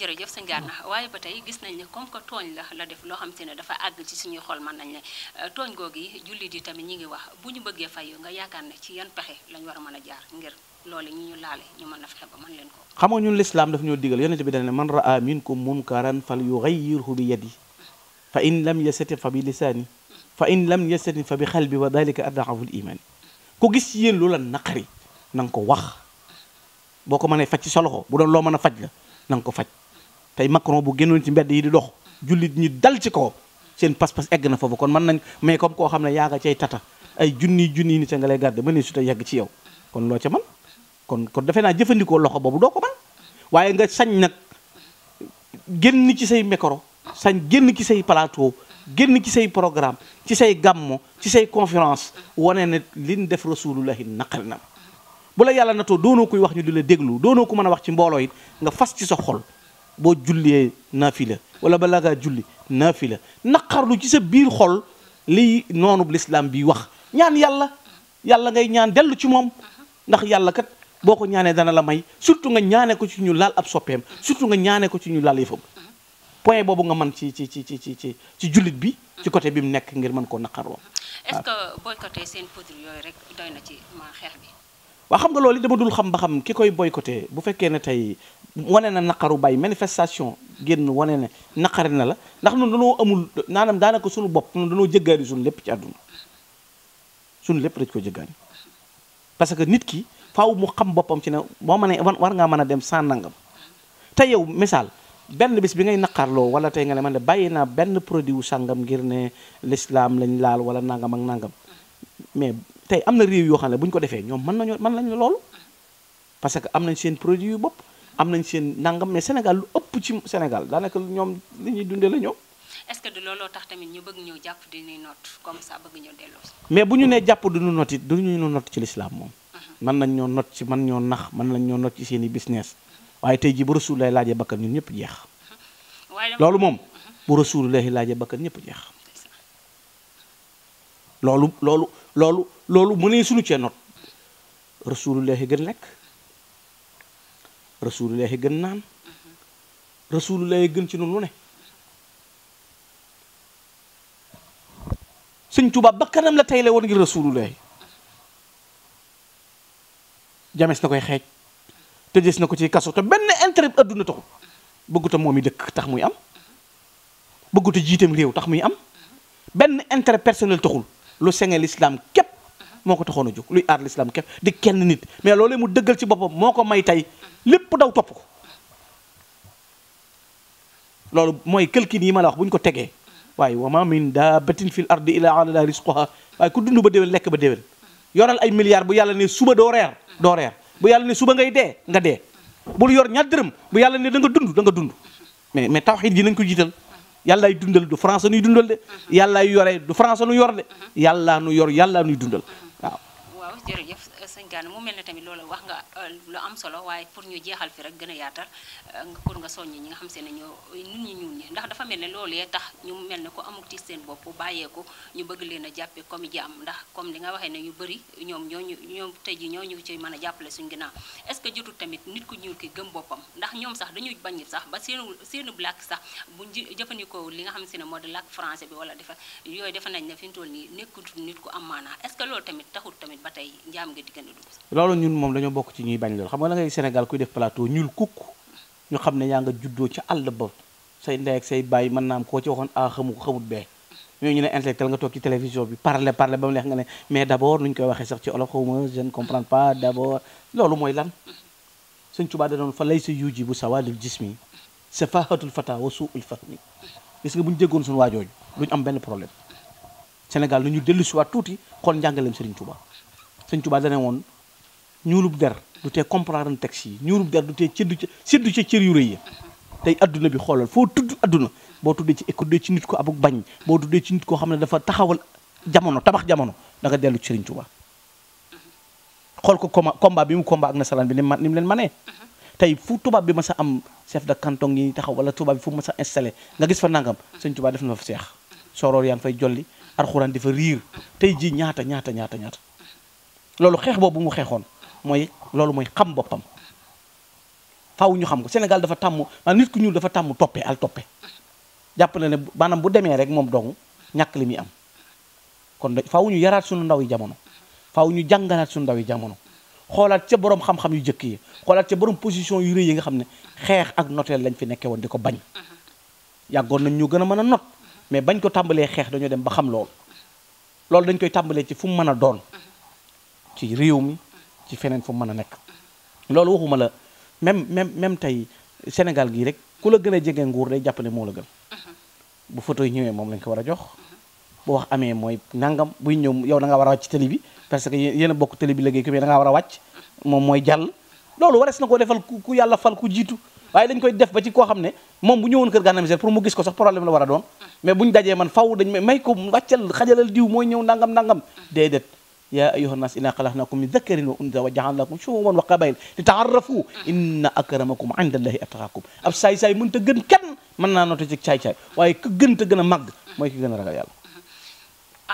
jërëjëf sëñ Gana waaye ba tey gis nañ ne comme que tooñ la la def loo xam te ne dafa àgg ci suñuy xol man nañ ne euh, tooñ googu yi jullit yi tamit ñi ngi wax bu ñu bëggee fayu nga yaakaar ne ci yan pexe lañu war a mën a jaar ngir loolu ñi ñu laale ñu mën a fexe ba mën leen ko xam nga ñun lislaam daf ñoo digal yonente bi dane man raa minkum munkaran fal yugayyirhu bi yadi in lam yastati fa bi fa in lam bi xalbi wa dalika adaful imaani ku gis yéen lu la naqari na nga ko wax boo ko mënee faj ci sa loxo bu doon loo mën a faj la na ko faj tey Macron bu génnoon ci mbedd yi di dox jullit ñi dal ci kaw seen pas-pas egg na foofu kon man nañ mais comme koo xam ne yaa nga tata ay junni junni nit a nga lay garde ba ne su ta yegg ci yow kon loo ca man kon defe naa jëfandikoo loxo boobu doo waaye nga sañ nag génn ci say micro sañ génn ci say plateau génn ci say programme ci say gàmmo ci say conférence wane ne liñ def rasulullahi naqari na bu la yàlla natoo doonoo koy wax ñu di la déglu doonoo ko mën a wax ci mbooloo it nga fas ci sa xol boo jullee naafila wala balaa ngaa julli naafila naqarlu ci sa biir xol liy noonu lislaam bi wax ñaan yàlla yàlla ngay ñaan dellu ci moom ndax yàlla kat boo ko ñaanee dana la may surtout nga ñaane ko ci ñu laal ab soppeem surtout nga ñaane ko ci ñu laal yëfam point boobu nga man ci ci ci ci ci ci jullit bi ci côté bi mu nekk ngir mën koo naqarloo. est-ce que boycotter seen waa xam nga loolu dama dul xam ba xam ki koy boy boycotté bu fekkee ne tey wane na naqaru bay manifestation génn wane ne naqari na la ndax ñun dañoo amul naanam daanaka suñu bopp ñun dañoo jëggaani suñu lépp ci àdduna suñu lépp dañ ko jëggaani parce que nit ki faaw mu xam boppam ci ne boo mënee war ngaa mën a dem sans nangam te yow misaal benn bis bi ngay naqarloo wala tey nga ne man de bàyyi naa benn produit wu sàngam ngir ne l'islam lañ laal wala nangam ak nangam tey am na réew yoo xam ne bu ñu ko defee ñoom mën nañoo mën nañu loolu parce que am nañ seen produit yu bopp am nañ seen nangam mais Sénégal lu ëpp ci Sénégal daanaka ñoom li ñuy dundee la ñoom. est-ce que du looloo tax tamit ñu bëgg ñëw jàpp di ñuy noot bu ñu nee jàpp du ñu noot it du ñu ñu noot ci lislaam moom. man mhm. nañ ñoo not ci man ñoo nax man nañ ñoo not ci seen i business waaye tey jii bu rasul lay laajee bakkan ñun ñëpp jeex. Mhm. loolu moom mhm. bu rasul laajee bakkan ñëpp jeex. loolu loolu loolu loolu mënee sunu cee not rasulullahi gën lekk rasulullahi gën naan rasulullahi gën ci noonu lu ne tubaab ba kanam la tey la woon ngir rasulullahi james na koy xeej te des na ko ci kaso te benn intérêt adduna taxu bëgguta moom i dëkk tax muy am bëgguta jiitam réew tax muy am benn intérêt personnel taxul lu senge l'islam képp moo ko taxoon a jóg luy aar l'islam képp di kenn nit mais loolu mu dëggal ci boppam moo ko may tey lépp daw topp ko loolu mooy këlkin yi ma la wax bu ñu ko tegee waaye wa ma min daabatin fil ardi illa ala risquha waaye ku dund ba déwén lekk ba déwén yoral ay milliards bu yàlla ne suba doo reer doo reer bu yàlla ne suba ngay dee nga dee bul yor ñaar dërëm bu yàlla ne danga dund da nga dund mais mais tawxiid ji nañ ko jiital yàllaay dundal du France nuy dundal de mhm. yàllaay yore du France nu yor de mhm. yàllaa nu yor yàllaa nuy dundal mhm. sëñ Gana mu mel ne tamit loolu wax nga euh, lu am solo waaye pour ñu jeexal fi rek gën a yaatal euh, pour nga soññi ñi nga xam se ne ñoo nit ñi ñuul ñi ndax dafa mel ne loolee tax ñu mel ne ko amul ci seen bopp bàyyeeku ñu bëgg leen a jàppe comme jaam ndax comme li nga waxee ne ñu bëri ñoom ñooñu ñoom tey ji ñooñu ci mën a jàppale suñu ginnaaw est-ce jotul tamit nit ku ñuul ki gëm boppam ndax ñoom sax dañuy bañ sax ba seen seenu làkk sax buñ jëfandikoo li nga xam se ne moo di làkk français bi wala defa yooyu defe nañ ne fi ñu toll nii nekkul nit ku am maanaa est-ce que loolu tamit taxul tamit ba tey njaam nga diggante loolu ñun moom dañoo bokk ci ñuy bañ loolu xam nga da ngay Sénégal kuy def plateau ñuul kukk xam ne yaa nga juddoo ci àll ba say ndey ak say bàyyi mën naa am koo ci waxoon a ah, xamu ko xamut bee ñooñu ñu ne intellectuel nga toog ci télévision bi parler parler ba mu neex nga ne mais d' abord nuñ koy waxee sax ci olof xawma je ne pas d' loolu mooy lan Sëñ Tuubaa da fa lay sa yuji bu sawadul jismi safahatul fata wa suul fahmi gis nga bu ñu déggoon suñu waajooju duñu am benn problème Sénégal nu ñu dellu si tuuti xool njàngaleem Sëriñ Tuubaa sëñ Tuubaa dane woon ñuulub der du tee comprendre texte yi ñuulub der du tee cëddu ca séddu cër yu rëy yi tey adduna bi xoolal foo tudd adduna boo tuddee ci école ci nit ko abuk bañ boo tuddee ci koo xam ne dafa taxawal jamono tabax jamono da nga dellu ci sëriñ Tuubaa xool ko combat combat bi mu combat ak nasaraan bi ni mu leen manee tey fu tubaab bi mës a am chef de canton yi taxaw wala tubaab bi fu a installé nga gis fa nangam sëñ Tuubaa def na fa seex soroor yaa ngi fay jolli arxuraan di fa riir tey jii ñaata ñaata ñaata ñaata loolu xeex boobu mu xeexoon mooy loolu mooy xam boppam faaw ñu xam ko Sénégal dafa tàmm maanaam ah, nit ku ñuul dafa tàmm toppe al toppe jàpp na ne maanaam bu demee rek moom dong ñàkk li muy am kon da faaw ñu yaraat suñu ndaw yi jamono faaw ñu jàngalaat suñu ndaw yi jamono xoolaat ca borom xam-xam yu jëkk yi xoolaat ca borom position yu rëy yi nga xam ne xeex ak noteel lañ fi nekkee woon di ko bañ yàggoon nañ ñu gën a mën a not mais bañ ko tàmbalee xeex dañoo dem ba xam loolu loolu dañ koy tàmbalee ci fu mu mën a doon ci réew mi ci feneen fu mën a nekk loolu waxuma la même même même tey Sénégal gii rek ku la gën a jege nguur day jàpp ne moo la gën bu photo yi ñëwee moom lañ ko war a jox bu mooy nangam buy ñëw yow da nga war a wàcc télé bokk télé bi liggéey ko mais da nga war a wàcc moom mooy jàll loolu warees na ko defal ku yàlla fal ku jiitu waaye dañ koy def ba ci koo xam ne moom bu ñëwoon kër Gana Messere pour mu gis ko sax problème la war a doon mais buñ dajee man faw dañ may ko wàccal xajalal diw mooy ñëw nangam nangam déedéet yaa ayyuha nnaas innaa xalaqnaakum min dakarin wa unsaa wa ja'alnaakum shu'uuban wa qabaa'ila li ta'aarafuu inna akramakum inda llaahi atqaakum ab saay-saay mënta gën kenn mën naa noota ci caay-caay waaye ku gën te gën a màgg mooy ki gën a ragal yàlla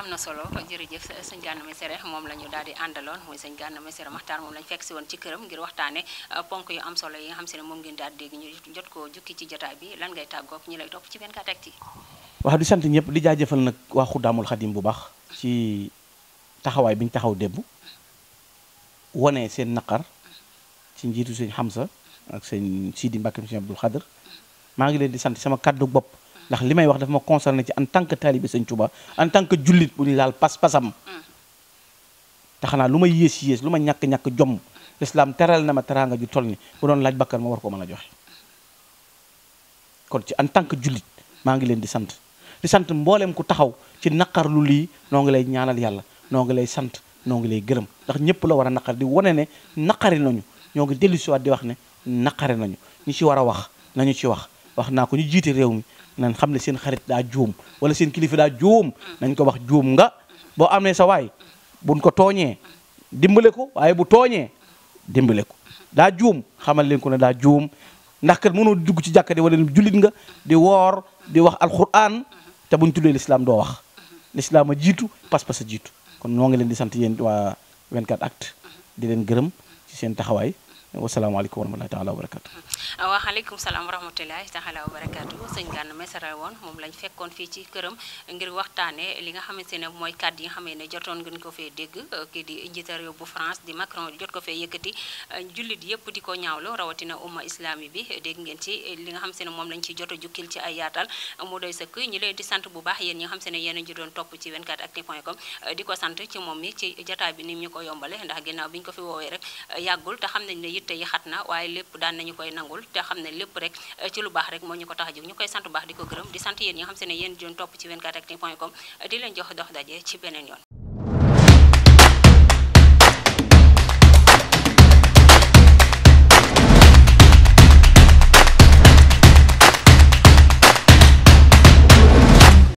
am na solo jërëjëf sëñ Gana moom la ñu daal di àndaloon muy sëñ Gana Messere Maxtaar moom la ñu fekk si woon ci këram ngir waxtaane euh, ponk yu am solo yi nga xam si ne moom ngeen daal di dégg ñu jot ko jukki ci jotaay bi lan ngay tàggoog ñi lay topp ci 24 ñëpp di jaajëfal nag waa Xuddaamul Xadim bu baax ci taxawaay bi ñu taxaw démb wane seen naqar ci njiitu sëñ Hamza ak sëñ Sidi Mbacke si Abdul Xadr maa ngi leen di sant sama kàddu bopp ndax li may wax dafa ma concerné ci en tant que taalibe sëñ Touba en tant que jullit bu ñu laal pas-pasam te xanaa lu ma yées yées lu ma ñàkk ñàkk jomm lislaam teral na ma teraanga ju toll ni bu doon laaj bakkan ma war koo mën a joxe kon ci en tant que jullit maa ngi leen di sant di sant mboolem ku taxaw ci naqar lu lii noo ngi lay ñaanal yàlla noo ngi lay sant noo lay gërëm ndax ñëpp la war a naqar di wane ne naqari nañu ñoo ngi dellu si waat di wax ne naqari nañu ñu ci war a wax nañu ci wax wax naa ko ñu jiite réew mi nañ xam ne seen xarit daa juum wala seen kilifa daa juum nañ ko wax juum nga boo amee sa waay buñ ko tooñee dimbale ko waaye bu tooñee dimbale ko daa juum xamal leen ko ne daa juum ndax kat mënoo dugg ci jàkka di wala jullit nga di woor di wax alquran te buñ tuddee lislaam doo wax lislaam a jiitu kon noo ngi leen di sant yéen waa 24 actu di leen gërëm ci seen taxawaay wasalaamaaleykum wa rahmatulahi taala wa barakaatu. Ah, waaleykum salaam wa rahmatulahi taala wa barakaatu sëñ Gana Messere woon moom lañ fekkoon fii ci këram ngir waxtaanee li nga xamante ne mooy kàddu yi nga xam ne jotoon ngeen ko fee dégg euh, kii di njiital bu France di Macron jot ko fee yëkkati euh, jullit yëpp di ko ñaawlo rawatina umma islami bi dégg ngeen ci li nga xamante ne moom lañ ci jot a jukkil ci ay yaatal euh, mu doy sëkk ñu leen di sant bu baax yéen ñi nga xamante ne yéen a ngi doon topp ci 24actu.com di ko sant ci moom mi ci jotaay bi ni ñu ko yombale ndax ginnaaw bi ñu ko fi woowee rek yàggul te xam nañ ne yitte yi xat na waaye lépp daan nañu koy nangul te xam ne lépp rek eh, ci lu baax rek moo ñu ko tax a ñu koy sant baax di ko gërëm di sant yéen ñi nga xam se ne yéen doon topp ci 24actu point com eh, di leen jox dox daje ci beneen yoon